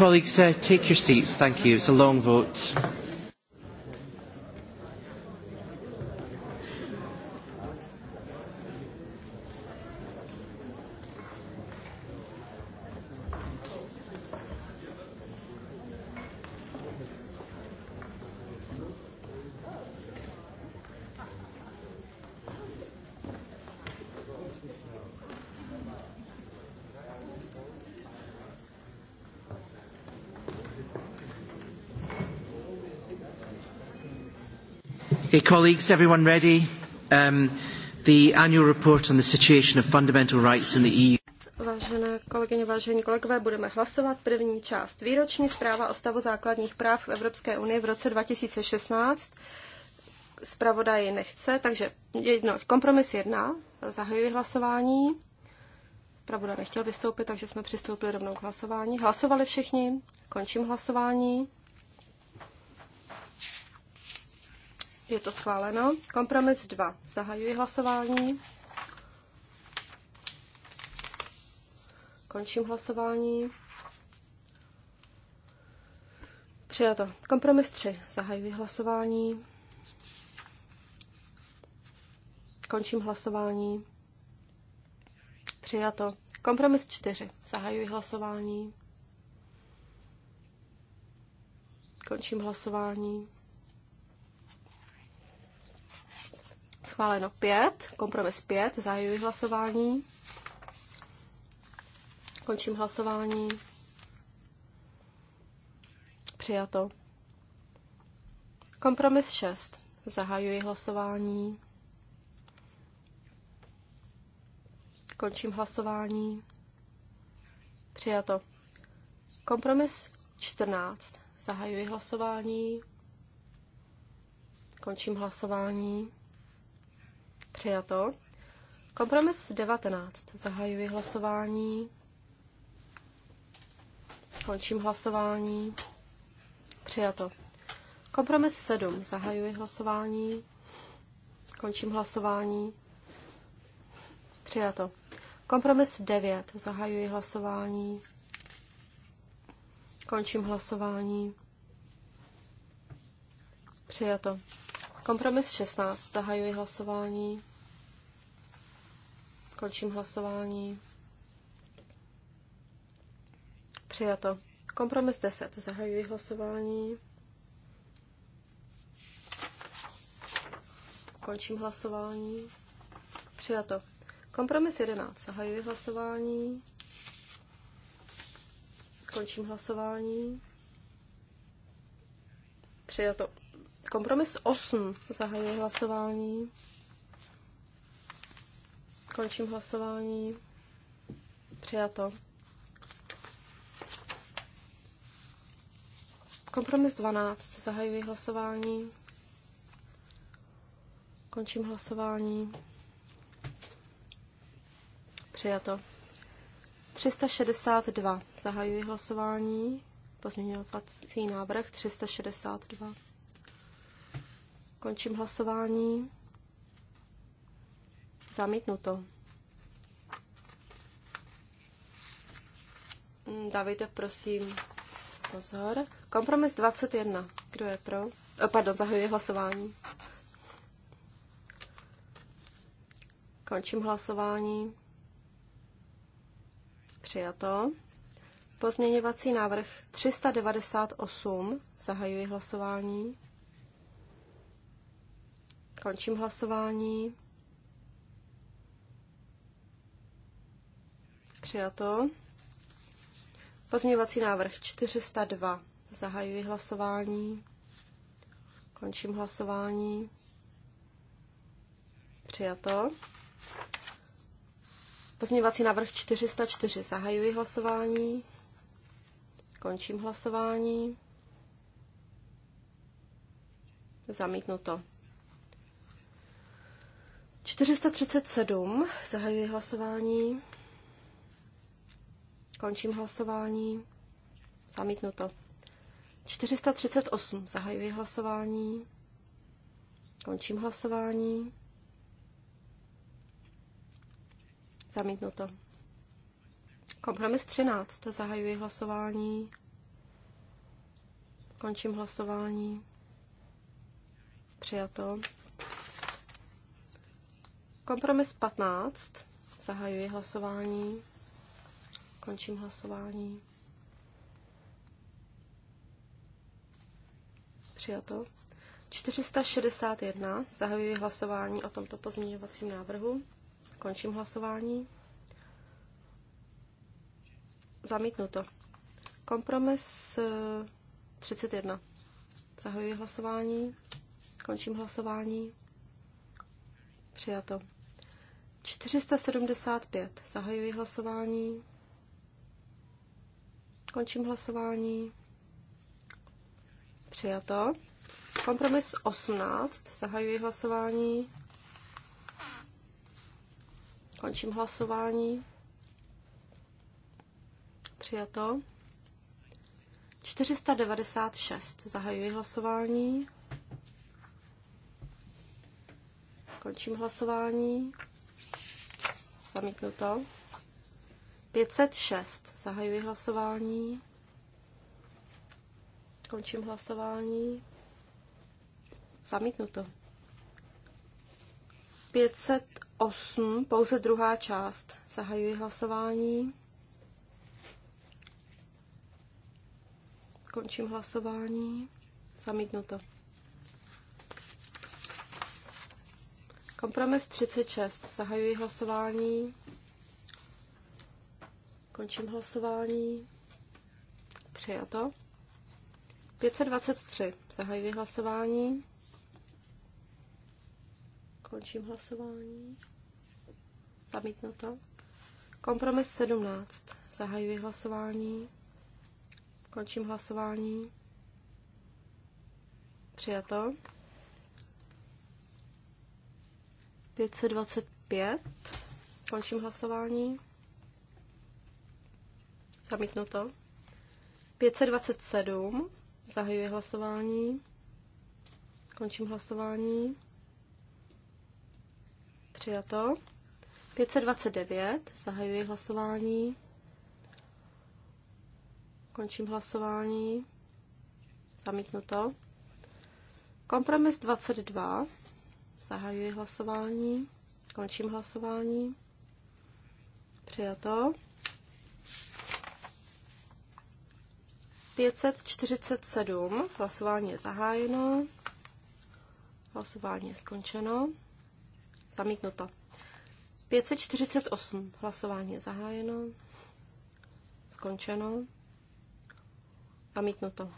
Colleagues, uh, take your seats. Thank you. It's a long vote. colleagues, everyone ready? Um, the annual report on the situation of fundamental rights in the EU. Vážené kolegyně, vážení kolegové, budeme hlasovat. První část. Výroční zpráva o stavu základních práv v Evropské unii v roce 2016. Zpravodaj nechce, takže jedno, kompromis jedna. Zahajuji hlasování. Zpravodaj nechtěl vystoupit, takže jsme přistoupili rovnou k hlasování. Hlasovali všichni. Končím hlasování. Je to schváleno. Kompromis 2. Zahajuji hlasování. Končím hlasování. Přijato. Kompromis 3. Zahajuji hlasování. Končím hlasování. Přijato. Kompromis 4. Zahajuji hlasování. Končím hlasování. schváleno 5, kompromis 5, zahajuji hlasování. Končím hlasování. Přijato. Kompromis 6. Zahajuji hlasování. Končím hlasování. Přijato. Kompromis 14. Zahajuji hlasování. Končím hlasování. Přijato. Kompromis 19. Zahajuji hlasování. Končím hlasování. Přijato. Kompromis 7. Zahajuji hlasování. Končím hlasování. Přijato. Kompromis 9. Zahajuji hlasování. Končím hlasování. Přijato. Kompromis 16. Zahajuji hlasování. Končím hlasování. Přijato. Kompromis 10. Zahajuji hlasování. Končím hlasování. Přijato. Kompromis 11. Zahajuji hlasování. Končím hlasování. Přijato. Kompromis 8. Zahajuji hlasování. Končím hlasování. Přijato. Kompromis 12. Zahajuji hlasování. Končím hlasování. Přijato. 362. Zahajuji hlasování. Pozměňovací návrh 362. Končím hlasování. Zamítnuto. Dávejte prosím pozor. Kompromis 21. Kdo je pro? O, eh, pardon, zahajuji hlasování. Končím hlasování. Přijato. Pozměňovací návrh 398. Zahajuji hlasování. Končím hlasování. Přijato. Pozměňovací návrh 402. Zahajuji hlasování. Končím hlasování. Přijato. Pozměňovací návrh 404. Zahajuji hlasování. Končím hlasování. Zamítnuto. 437. Zahajuji hlasování. Končím hlasování. Zamítnuto. 438. Zahajuji hlasování. Končím hlasování. Zamítnuto. Kompromis 13. Zahajuji hlasování. Končím hlasování. Přijato. Kompromis 15. Zahajuji hlasování. Končím hlasování. Přijato. 461. Zahajuji hlasování o tomto pozměňovacím návrhu. Končím hlasování. Zamítnuto. Kompromis 31. Eh, Zahajuji hlasování. Končím hlasování. Přijato. 475. Zahajuji hlasování. Končím hlasování. Přijato. Kompromis 18. Zahajuji hlasování. Končím hlasování. Přijato. 496. Zahajuji hlasování. Končím hlasování. Zamítnuto. 506. Zahajuji hlasování. Končím hlasování. Zamítnuto. 508, pouze druhá část. Zahajuji hlasování. Končím hlasování. Zamítnuto. Kompromis 36. Zahajuji hlasování. Končím hlasování. Přijato. 523. Zahajuji hlasování. Končím hlasování. Zamítnuto. Kompromis 17. Zahajuji hlasování. Končím hlasování. Přijato. 525. Končím hlasování. Zamítnuto. 527. Zahajuji hlasování. Končím hlasování. Přijato. 529. Zahajuji hlasování. Končím hlasování. Zamítnuto. Kompromis 22. Zahajuji hlasování. Končím hlasování. Přijato. 547. Hlasování je zahájeno. Hlasování je skončeno. Zamítnuto. 548. Hlasování je zahájeno. Skončeno. Zamítnuto.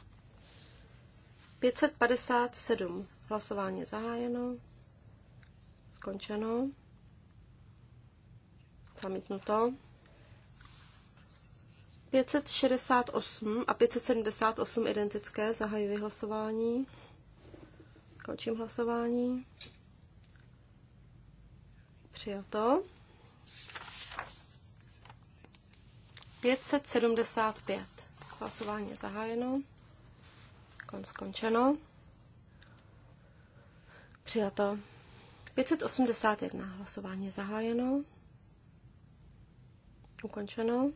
557. Hlasování je zahájeno. Skončeno. Zamítnuto. 568 a 578 identické, zahajuji hlasování. Končím hlasování. Přijato. 575. Hlasování je zahájeno. Kon skončeno. Přijato. 581. Hlasování je zahájeno. Ukončeno.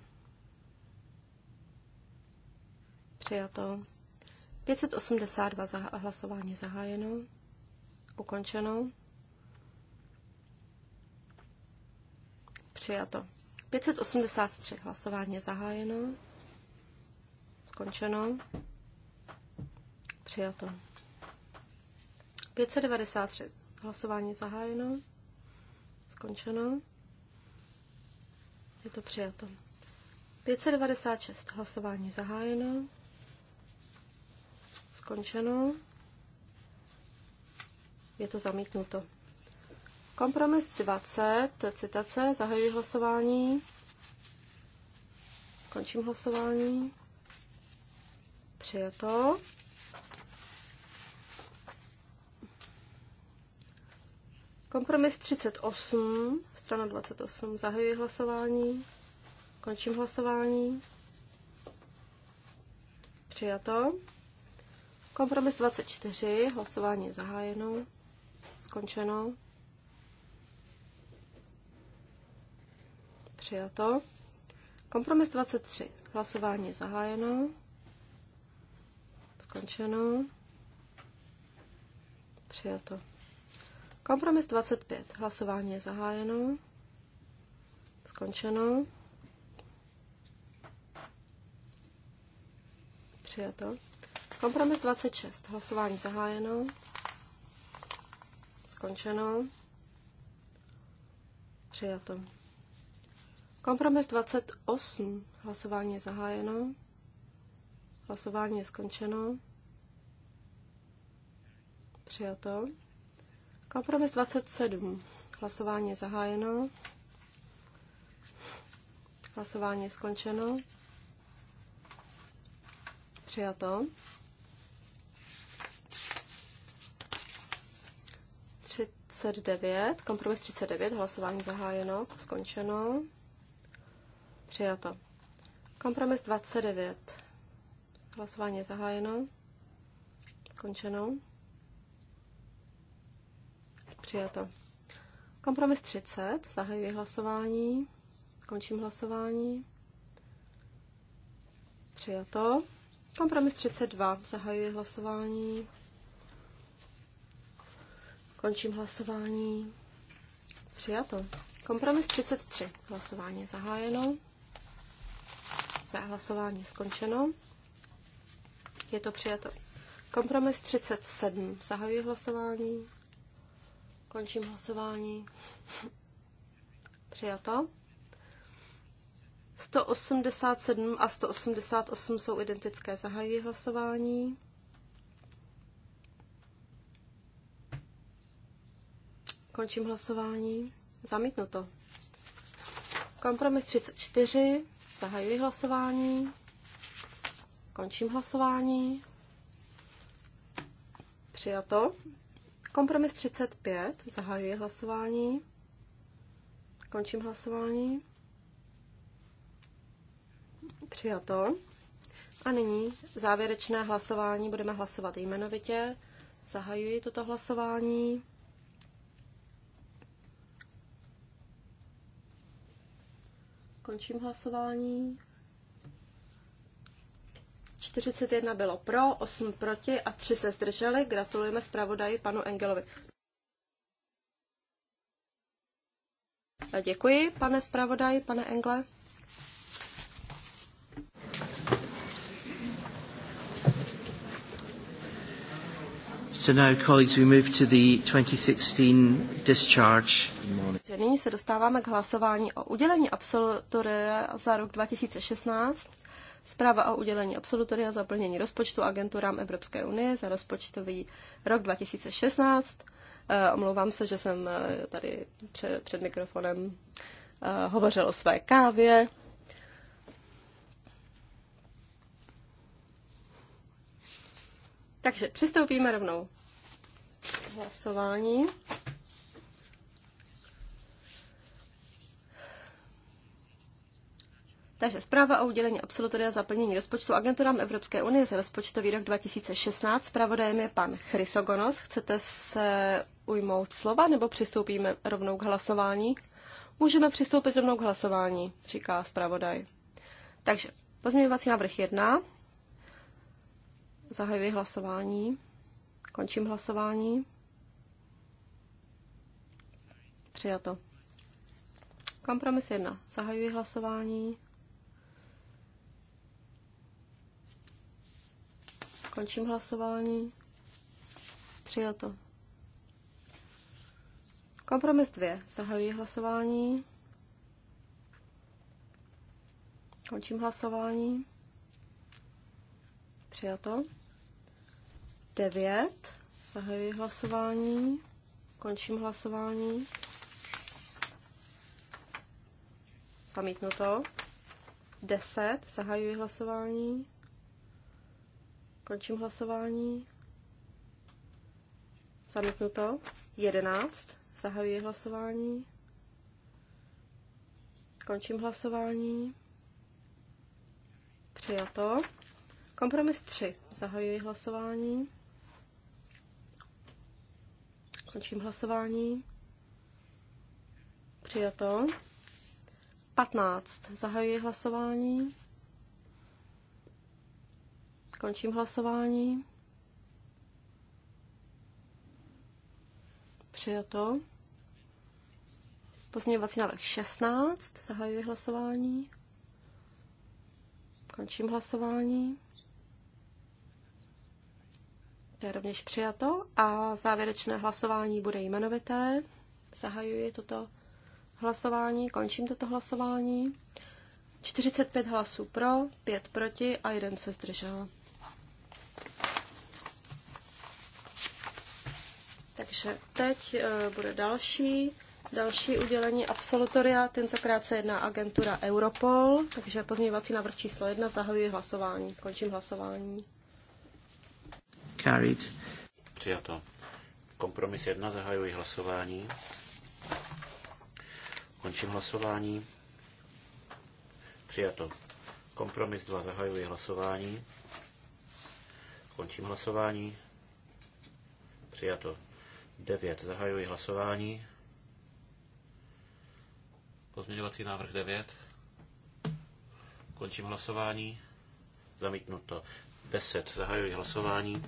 Přijato. 582 za hlasování zahájeno. Ukončeno. Přijato. 583 hlasování zahájeno. Skončeno. Přijato. 593 hlasování zahájeno. Skončeno. Je to přijato. 596 hlasování zahájeno skončeno. Je to zamítnuto. Kompromis 20, citace, zahajuji hlasování. Končím hlasování. Přijato. Kompromis 38, strana 28, zahajuji hlasování. Končím hlasování. Přijato. Kompromis 24, hlasování je zahájeno, skončeno. Přijato. Kompromis 23, hlasování je zahájeno, skončeno. Přijato. Kompromis 25, hlasování je zahájeno, skončeno. Přijato. Kompromis 26. Hlasování zahájeno. Skončeno. Přijato. Kompromis 28. Hlasování je zahájeno. Hlasování je skončeno. Přijato. Kompromis 27. Hlasování je zahájeno. Hlasování je skončeno. Přijato. 39, kompromis 39, hlasování zahájeno, skončeno, přijato. Kompromis 29, hlasování zahájeno, skončeno, přijato. Kompromis 30, zahajuji hlasování, končím hlasování, přijato. Kompromis 32, zahajuji hlasování, Končím hlasování. Přijato. Kompromis 33. Hlasování je zahájeno. Hlasování je skončeno. Je to přijato. Kompromis 37. Zahajuji hlasování. Končím hlasování. Přijato. 187 a 188 jsou identické. Zahajuji hlasování. Končím hlasování. Zamítnu to. Kompromis 34. Zahajuji hlasování. Končím hlasování. Přijato. Kompromis 35. Zahajuji hlasování. Končím hlasování. Přijato. A nyní závěrečné hlasování. Budeme hlasovat jmenovitě. Zahajuji toto hlasování. Končím hlasování. 41 bylo pro, 8 proti a 3 se zdrželi. Gratulujeme zpravodaji panu Engelovi. Děkuji, pane zpravodaji, pane Engle. So now, colleagues, we move to the 2016 discharge. Nyní se dostáváme k hlasování o udělení absolutoria za rok 2016. Zpráva o udělení absolutoria za plnění rozpočtu agenturám Evropské unie za rozpočtový rok 2016. Eh, omlouvám se, že jsem eh, tady před, před mikrofonem eh, hovořil o své kávě. Takže přistoupíme rovnou k hlasování. Takže zpráva o udělení absolutoria za plnění rozpočtu agenturám Evropské unie za rozpočtový rok 2016. Zpravodajem je pan Chrysogonos. Chcete se ujmout slova nebo přistoupíme rovnou k hlasování? Můžeme přistoupit rovnou k hlasování, říká zpravodaj. Takže pozměňovací návrh 1. Zahajuji hlasování. Končím hlasování. Přijato. Kompromis 1. Zahajuji hlasování. Končím hlasování. Přijato. Kompromis 2. Zahajuji hlasování. Končím hlasování. Přijato. 9. Zahajuji hlasování. Končím hlasování. Zamítnuto. 10. Zahajuji hlasování. Končím hlasování. to. 11. Zahajuji hlasování. Končím hlasování. Přijato. Kompromis 3. Zahajuji hlasování. Končím hlasování. Přijato. 15. Zahajuji hlasování. Končím hlasování. Přijato. Pozměňovací návrh 16. Zahajuji hlasování. Končím hlasování. To je rovněž přijato. A závěrečné hlasování bude jmenovité. Zahajuji toto hlasování, končím toto hlasování. 45 hlasů pro, 5 proti a jeden se zdržel. Takže teď eh, bude další, další udělení absolutoria. Tentokrát se jedná agentura Europol, takže pozměňovací návrh číslo jedna zahajuji hlasování. Končím hlasování. Carried. Přijato. Kompromis jedna zahajuji hlasování. Končím hlasování. Přijato. Kompromis 2 zahajuji hlasování. Končím hlasování. Přijato. 9. Zahajuji hlasování. Pozměňovací návrh 9. Končím hlasování. Zamítnuto. 10. Zahajuji hlasování.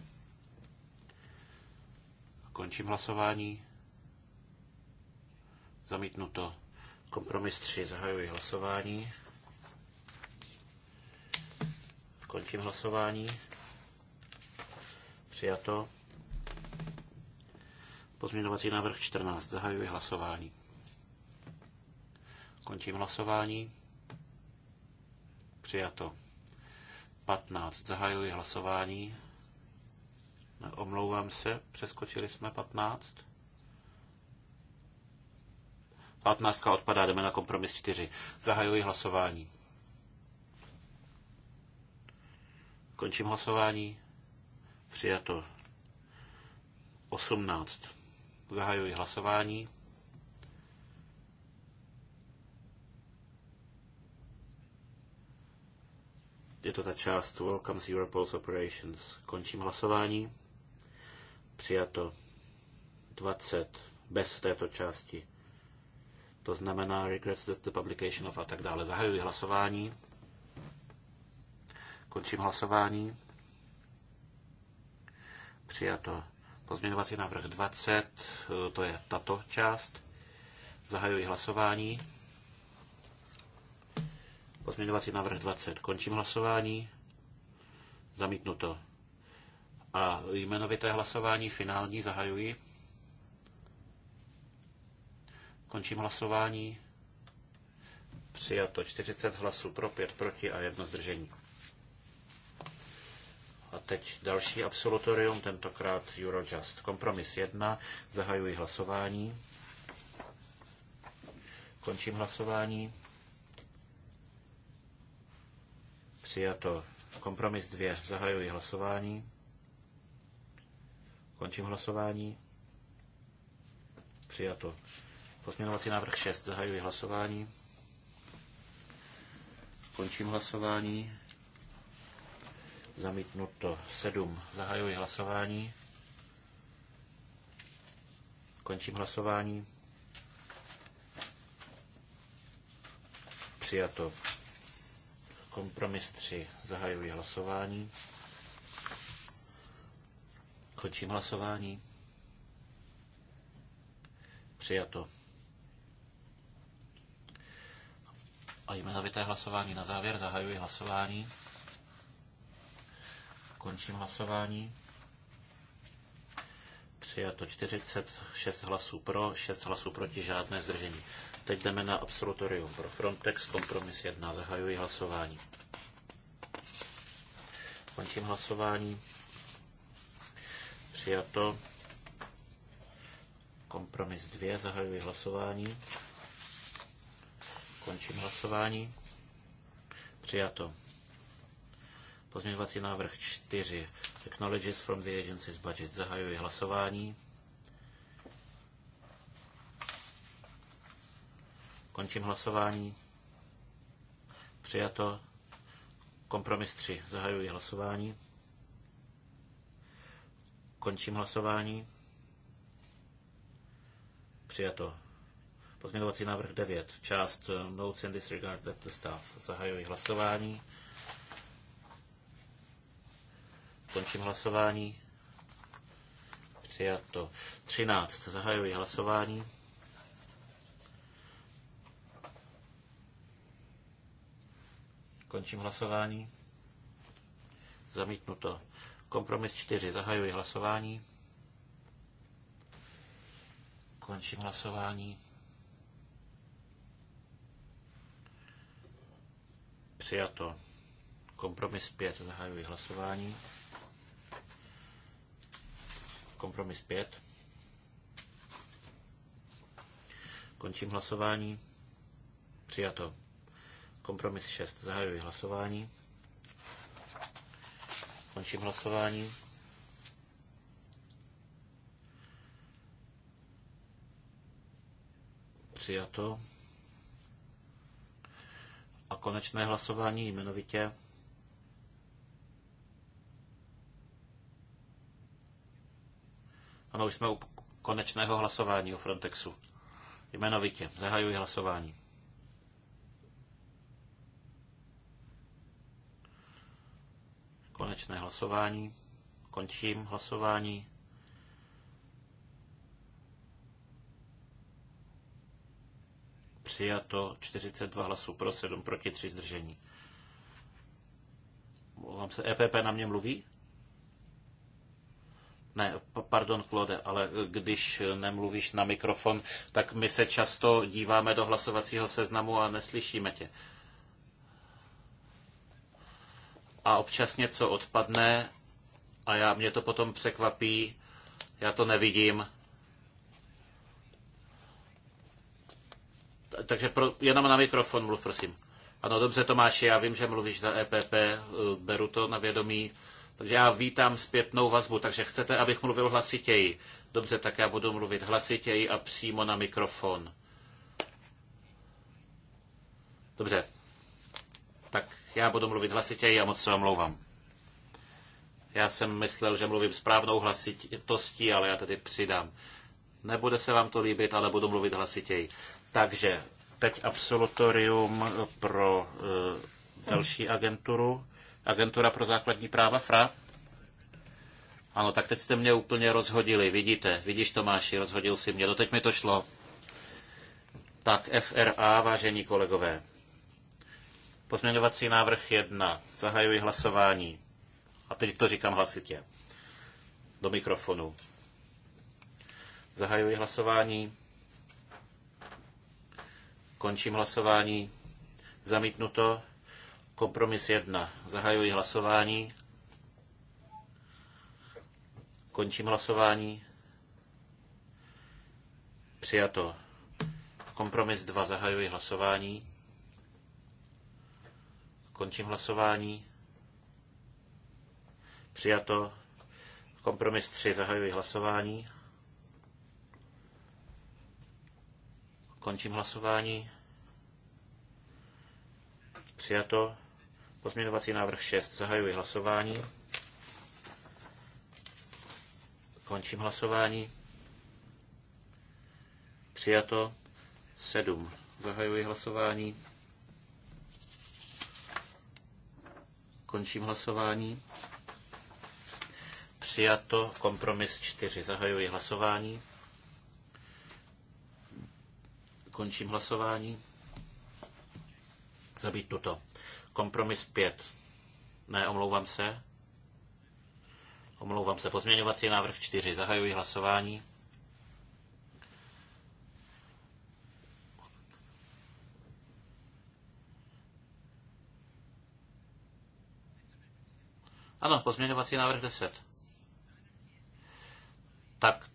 Končím hlasování. Zamítnuto. Kompromis 3. Zahajuji hlasování. Končím hlasování. Přijato. Pozměňovací návrh 14. Zahajuji hlasování. Končím hlasování. Přijato. 15. Zahajuji hlasování. Omlouvám se, přeskočili jsme 15. 15 odpadá, jdeme na kompromis 4. Zahajuji hlasování. Končím hlasování. Přijato. 18. Zahajuji hlasování. Je to ta část Welcomes Europols Operations. Končím hlasování. Přijato 20 bez této části. To znamená regrets that the publication of a tak dále. Zahajuji hlasování. Končím hlasování. Přijato Pozměňovací návrh 20, eh, to je tato část. Zahajuji hlasování. Pozměňovací návrh 20. Končím hlasování. Zamítnuto. A jmenovité hlasování finální zahajuji. Končím hlasování. Přijato 40 hlasů pro, 5 proti a jedno zdržení. A teď další absolutorium, tentokrát Eurojust. Kompromis 1, zahajuji hlasování. Končím hlasování. Přijato. Kompromis 2, zahajuji hlasování. Končím hlasování. Přijato. Pozměňovací návrh 6, zahajuji hlasování. Končím hlasování. Zamítnuto 7. Zahajuji hlasování. Končím hlasování. Přijato. Kompromis 3. Zahajuji hlasování. Končím hlasování. Přijato. A jmenovité hlasování na závěr. Zahajuji hlasování. Končím hlasování. Přijato 46 hlasů pro, 6 hlasů proti, žádné zdržení. Teď jdeme na absolutorium pro Frontex, kompromis 1, zahajuji hlasování. Končím hlasování. Přijato. Kompromis 2, zahajuji hlasování. Končím hlasování. Přijato. Pozměňovací návrh 4. Technologies from the agency's budget. Zahajuji hlasování. Končím hlasování. Přijato. Kompromis 3. Zahajuji hlasování. Končím hlasování. Přijato. Pozměňovací návrh 9. Část um, Notes and disregard that the staff. Zahajuji hlasování. Končím hlasování. Přijato. 13. Zahajuji hlasování. Končím hlasování. Zamítnuto. Kompromis 4. Zahajuji hlasování. Končím hlasování. Přijato. Kompromis 5. Zahajuji hlasování kompromis 5. Končím hlasování. Přijato. Kompromis 6. Zahajuji hlasování. Končím hlasování. Přijato. A konečné hlasování jmenovitě. Ano, už jsme u konečného hlasování o Frontexu. Jmenovitě. Zahajuji hlasování. Konečné hlasování. Končím hlasování. Přijato 42 hlasů pro, 7 proti, 3 zdržení. Vám se EPP na mě mluví? Ne, pardon, Klode, ale eh, když eh, nemluvíš na mikrofon, tak my se často díváme do hlasovacího seznamu a neslyšíme tě. A občas něco odpadne a já, mě to potom překvapí, já to nevidím. Takže pro, jenom na mikrofon mluv, prosím. Ano, dobře, Tomáši, já vím, že mluvíš za EPP, eh, beru to na vědomí. Takže já vítám zpětnou vazbu, takže chcete, abych mluvil hlasitěji. Dobře, tak já budu mluvit hlasitěji a přímo na mikrofon. Dobře, tak já budu mluvit hlasitěji a moc se omlouvám. Já jsem myslel, že mluvím správnou hlasitostí, ale já tady přidám. Nebude se vám to líbit, ale budu mluvit hlasitěji. Takže teď absolutorium pro uh, další agenturu. Agentura pro základní práva FRA? Ano, tak teď jste mě úplně rozhodili, vidíte, vidíš Tomáši, rozhodil si mě, doteď no, mi to šlo. Tak FRA, vážení kolegové. Pozměňovací návrh 1. Zahajuji hlasování. A teď to říkám hlasitě. Do mikrofonu. Zahajuji hlasování. Končím hlasování. Zamítnuto. Kompromis 1. Zahajuji hlasování. Končím hlasování. Přijato. Kompromis 2. Zahajuji hlasování. Končím hlasování. Přijato. Kompromis 3. Zahajuji hlasování. Končím hlasování. Přijato. Pozměňovací návrh 6. Zahajuji hlasování. Končím hlasování. Přijato 7. Zahajuji hlasování. Končím hlasování. Přijato kompromis 4. Zahajuji hlasování. Končím hlasování. Zabít tuto. Kompromis 5. Ne, omlouvám se. Omlouvám se. Pozměňovací návrh 4. Zahajuji hlasování. Ano, pozměňovací návrh 10. Tak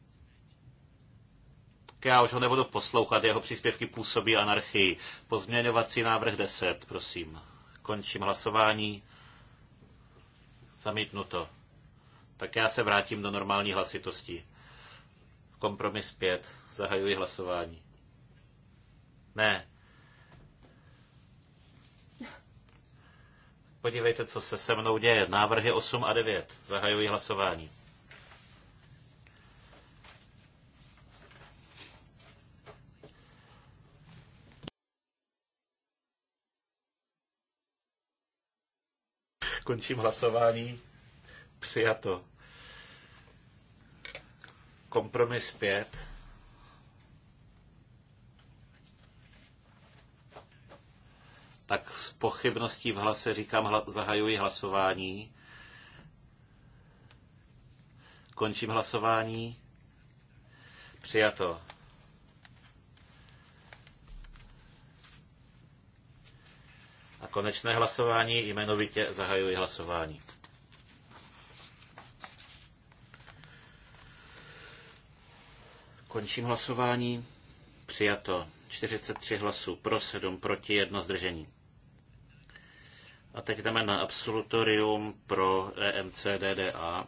tak já už ho nebudu poslouchat, jeho příspěvky působí anarchii. Pozměňovací návrh 10, prosím. Končím hlasování. Zamítnuto. Tak já se vrátím do normální hlasitosti. Kompromis 5. Zahajuji hlasování. Ne. Podívejte, co se se mnou děje. Návrhy 8 a 9. Zahajuji hlasování. Končím hlasování. Přijato. Kompromis 5. Tak s pochybností v hlase říkám, hla, zahajuji hlasování. Končím hlasování. Přijato. konečné hlasování, jmenovitě zahajuji hlasování. Končím hlasování. Přijato 43 hlasů pro 7, proti 1 zdržení. A teď jdeme na absolutorium pro EMC DDA.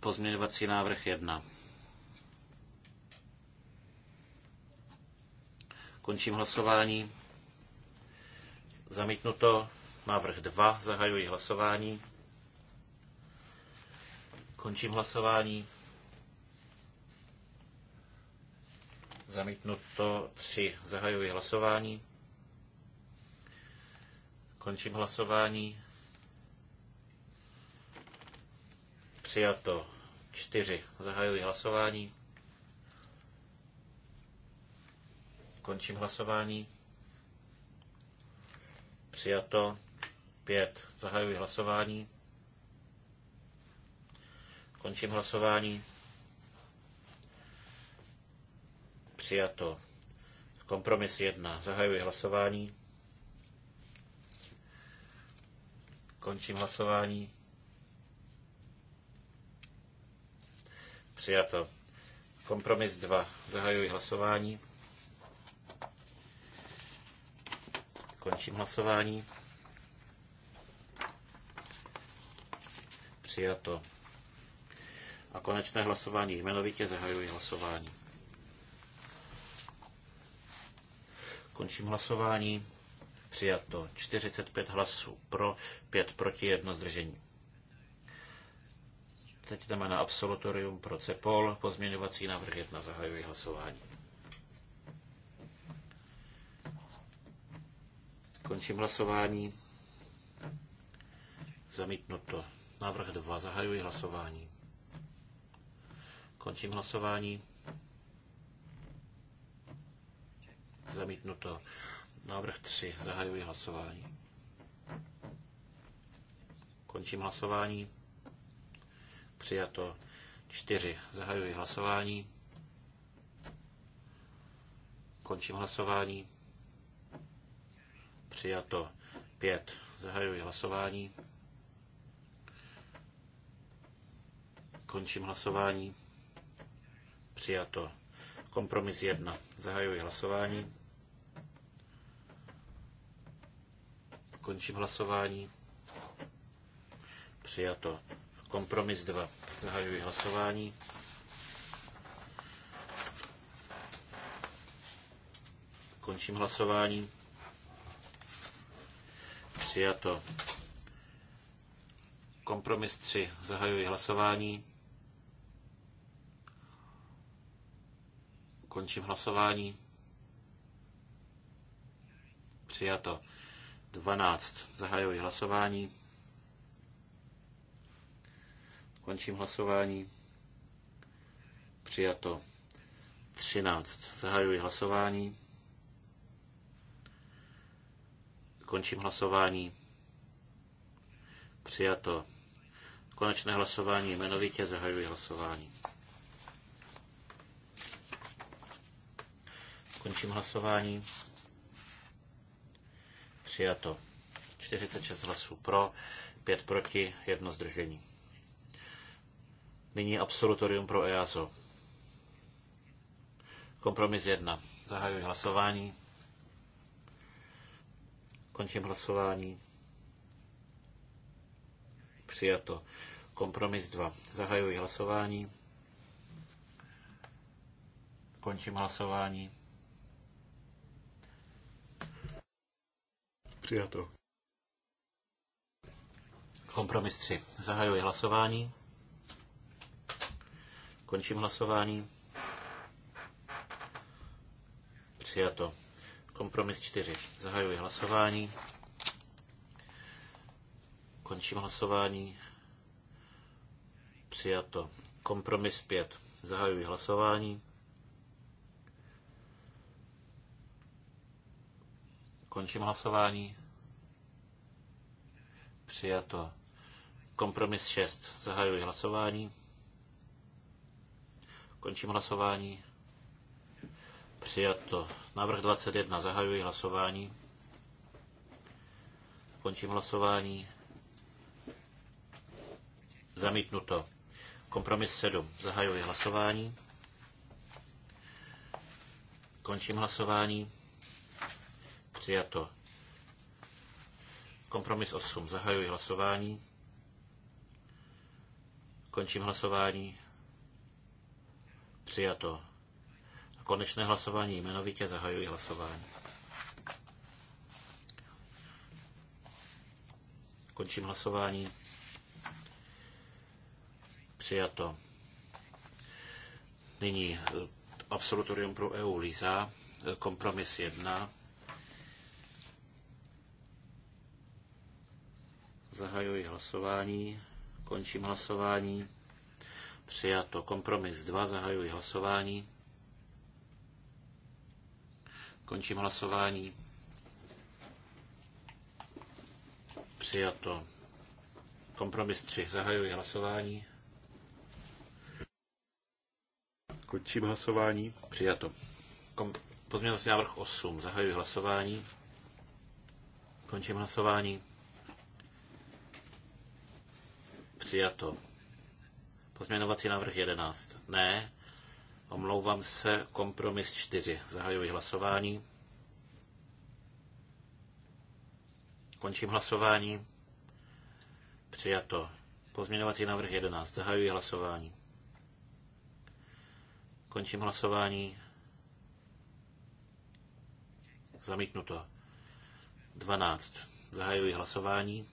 Pozměňovací návrh 1. Končím hlasování. Zamítnuto. Návrh 2. Zahajuji hlasování. Končím hlasování. Zamítnuto 3. Zahajuji hlasování. Končím hlasování. Přijato 4. Zahajuji hlasování. Končím hlasování. Přijato. 5. Zahajuji hlasování. Končím hlasování. Přijato. Kompromis 1. Zahajuji hlasování. Končím hlasování. Přijato. Kompromis 2. Zahajuji hlasování. Končím hlasování. Přijato. A konečné hlasování jmenovitě zahajuji hlasování. Končím hlasování. Přijato 45 hlasů pro, 5 proti, 1 zdržení. Teď jdeme na absolutorium pro CEPOL. Pozměňovací návrh 1. Zahajuji hlasování. Končím hlasování. Zamítnuto. Návrh 2. Zahajuji hlasování. Končím hlasování. Zamítnuto. Návrh 3. Zahajuji hlasování. Končím hlasování. Přijato 4. Zahajuji hlasování. Končím hlasování. Přijato. pět Zahajuji hlasování. Končím hlasování. Přijato. Kompromis jedna Zahajuji hlasování. Končím hlasování. Přijato. Kompromis 2. Zahajuji hlasování. Končím hlasování. Přijato. Kompromis 3. Zahajuji hlasování. Končím hlasování. Přijato. 12. Zahajuji hlasování. Končím hlasování. Přijato. 13. Zahajuji hlasování. Končím hlasování. Přijato. Konečné hlasování jmenovitě zahajuji hlasování. Končím hlasování. Přijato. 46 hlasů pro, 5 proti, 1 zdržení. Nyní absolutorium pro EASO. Kompromis 1. Zahajuji hlasování. Končím hlasování. Přijato. Kompromis 2. Zahajuji hlasování. Končím hlasování. Přijato. Kompromis 3. Zahajuji hlasování. Končím hlasování. Přijato. Kompromis 4. Zahajuji hlasování. Končím hlasování. Přijato. Kompromis 5. Zahajuji hlasování. Končím hlasování. Přijato. Kompromis 6. Zahajuji hlasování. Končím hlasování. Přijato. Návrh 21. Zahajuji hlasování. Končím hlasování. Zamítnuto. Kompromis 7. Zahajuji hlasování. Končím hlasování. Přijato. Kompromis 8. Zahajuji hlasování. Končím hlasování. Přijato. Konečné hlasování jmenovitě zahajuji hlasování. Končím hlasování. Přijato. Nyní eh, absolutorium pro EU Liza, eh, kompromis 1. Zahajuji hlasování, končím hlasování. Přijato kompromis 2, zahajuji hlasování. Končím hlasování. Přijato. Kompromis 3. Zahajuji hlasování. Končím hlasování. Přijato. Kom- pozměňovací návrh 8. Zahajuji hlasování. Končím hlasování. Přijato. Pozměňovací návrh 11. Ne. Omlouvám se, kompromis 4. Zahajuji hlasování. Končím hlasování. Přijato. Pozměňovací návrh 11. Zahajuji hlasování. Končím hlasování. Zamítnuto. 12. Zahajuji hlasování.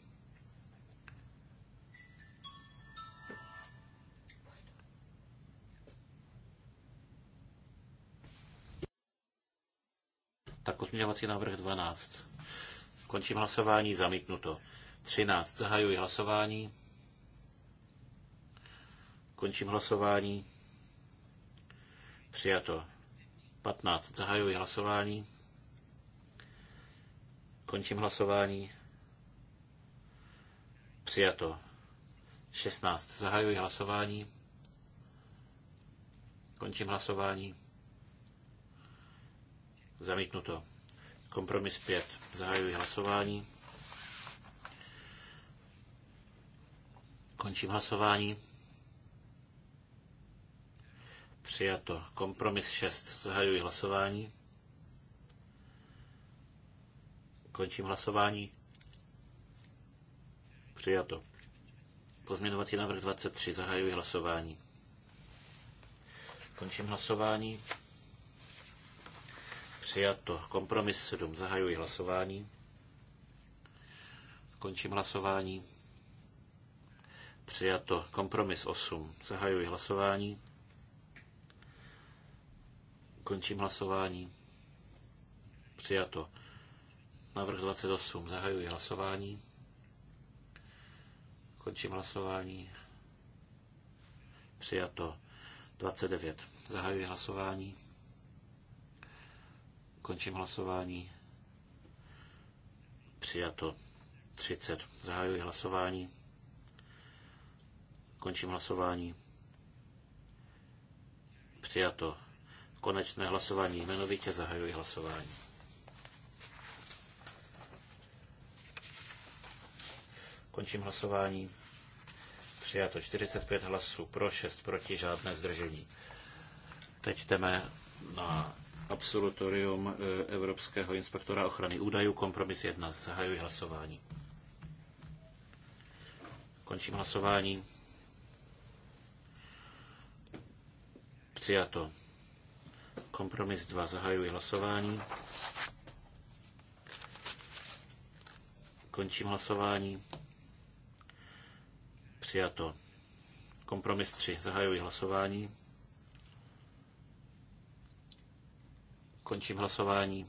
Tak pozměňovací návrh 12. Končím hlasování, zamítnuto. 13. Zahajuji hlasování. Končím hlasování. Přijato. 15. Zahajuji hlasování. Končím hlasování. Přijato. 16. Zahajuji hlasování. Končím hlasování. Zamítnuto. Kompromis 5. Zahajuji hlasování. Končím hlasování. Přijato. Kompromis 6. Zahajuji hlasování. Končím hlasování. Přijato. Pozměňovací návrh 23. Zahajuji hlasování. Končím hlasování. Přijato. Kompromis 7. Zahajuji hlasování. Končím hlasování. Přijato. Kompromis 8. Zahajuji hlasování. Končím hlasování. Přijato. Návrh 28. Zahajuji hlasování. Končím hlasování. Přijato. 29. Zahajuji hlasování. Končím hlasování. Přijato 30. Zahajuji hlasování. Končím hlasování. Přijato. Konečné hlasování. Jmenovitě zahajuji hlasování. Končím hlasování. Přijato 45 hlasů pro, 6 proti, žádné zdržení. Teď jdeme na absolutorium eh, Evropského inspektora ochrany údajů. Kompromis 1. Zahajuji hlasování. Končím hlasování. Přijato. Kompromis 2. Zahajuji hlasování. Končím hlasování. Přijato. Kompromis 3. Zahajuji hlasování. Končím hlasování.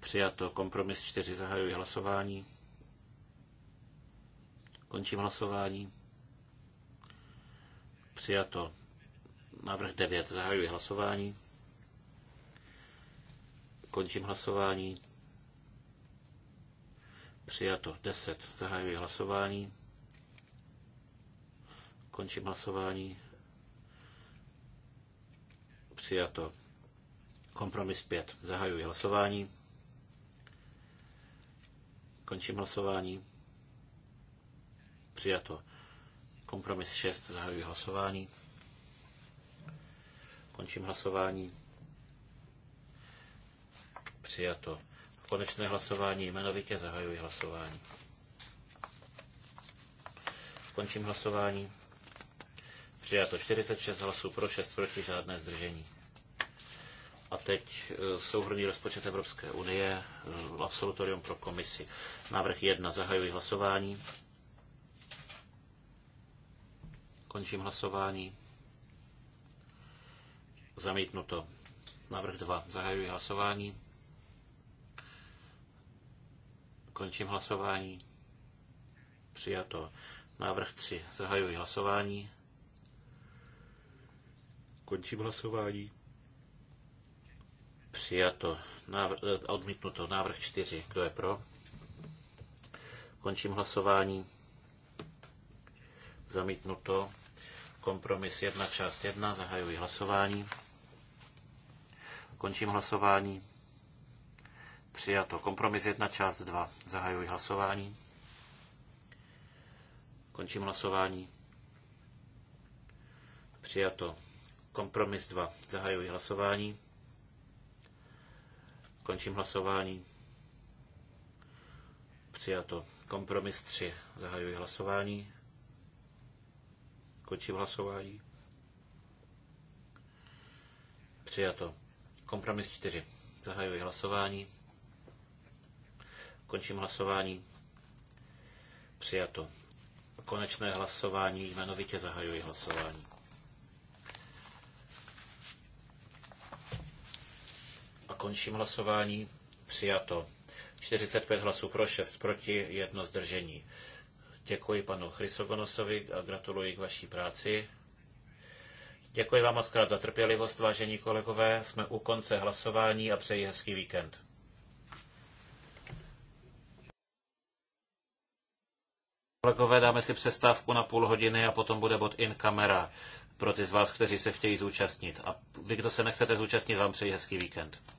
Přijato. Kompromis 4. Zahajuji hlasování. Končím hlasování. Přijato. Návrh 9. Zahajuji hlasování. Končím hlasování. Přijato. 10. Zahajuji hlasování. Končím hlasování. Přijato. Kompromis 5. Zahajuji hlasování. Končím hlasování. Přijato. Kompromis 6. Zahajuji hlasování. Končím hlasování. Přijato. Konečné hlasování jmenovitě zahajuji hlasování. Končím hlasování. Přijato 46 hlasů pro, 6 proti, žádné zdržení. A teď eh, souhrný rozpočet Evropské unie, eh, absolutorium pro komisi. Návrh 1. Zahajuji hlasování. Končím hlasování. Zamítnuto. Návrh 2. Zahajuji hlasování. Končím hlasování. Přijato. Návrh 3. Zahajuji hlasování. Končím hlasování. Přijato. Návr- eh, odmítnuto. Návrh 4. Kdo je pro? Končím hlasování. Zamítnuto. Kompromis 1, část 1. Zahajuji hlasování. Končím hlasování. Přijato. Kompromis 1, část 2. Zahajuji hlasování. Končím hlasování. Přijato. Kompromis 2. Zahajuji hlasování. Končím hlasování. Přijato. Kompromis 3. Zahajuji hlasování. Končím hlasování. Přijato. Kompromis 4. Zahajuji hlasování. Končím hlasování. Přijato. Konečné hlasování jmenovitě zahajuji hlasování. končím hlasování. Přijato. 45 hlasů pro, 6 proti, jedno zdržení. Děkuji panu Chrysogonosovi a gratuluji k vaší práci. Děkuji vám moc krát za trpělivost, vážení kolegové. Jsme u konce hlasování a přeji hezký víkend. Kolegové, dáme si přestávku na půl hodiny a potom bude bod in kamera pro ty z vás, kteří se chtějí zúčastnit. A vy, kdo se nechcete zúčastnit, vám přeji hezký víkend.